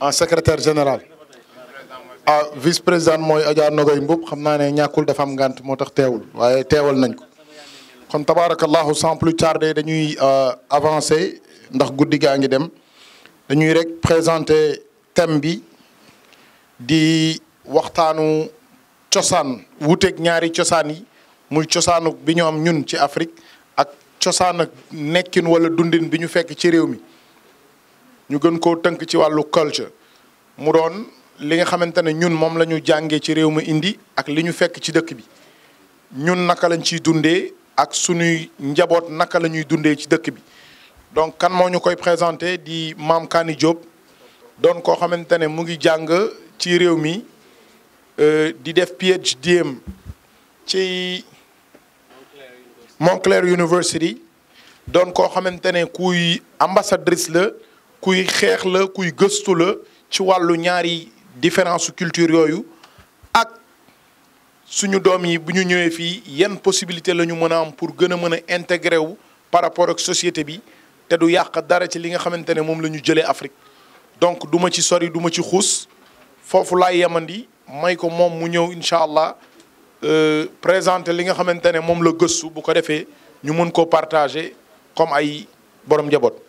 en secrétaire général ah vice-présidente mooy Adja Nogoy Mbub xam na ne ñàkkul dafa am ngant moo tax teewul waaye teewal nañ ko kon tabaarakallahu sans plus tarder dañuy euh, avancer ndax guddi gaa ngi dem dañuy rek présenter thème bi di waxtaanu cosaan wuuteeg ñaari cosaan yi muy cosaanu bi am ñun ci Afrique ak cosaan ak nekkin wala dundin bi ñu fekk ci réew mi ñu gën koo tënk ci wàllu culture mu doon li nga xamante ne ñun moom la ñu jàngee ci réew mi indi ak li ñu fekk ci dëkk bi ñun naka lañ ciy dundee ak suñuy njaboot naka lañuy dundee ci dëkk bi donc kan moo ñu koy présenté di maam Kani Diop doon koo xamante ne mu ngi jàng ci réew mi euh, di def PhD am ci Montclair University doon koo xamante ne kuy ambassadrice la kuy xeex la kuy gëstu la ci wàllu ñaari différence culture yooyu ak suñu doom yi bu ñu ñëwee fii yan possibilité la ñu mën a am pour gën a mën a intégré wu par rapport ak société bi te du yàq dara ci li nga xamante ne moom la ñu jëlee Afrique donc du ma ci sori du ma ci xuus foofu laay yemandi may ko moom mu ñëw incha allah euh, présenter li nga xamante ne moom la gëstu bu ko defee ñu mën koo partager comme ay borom njaboot.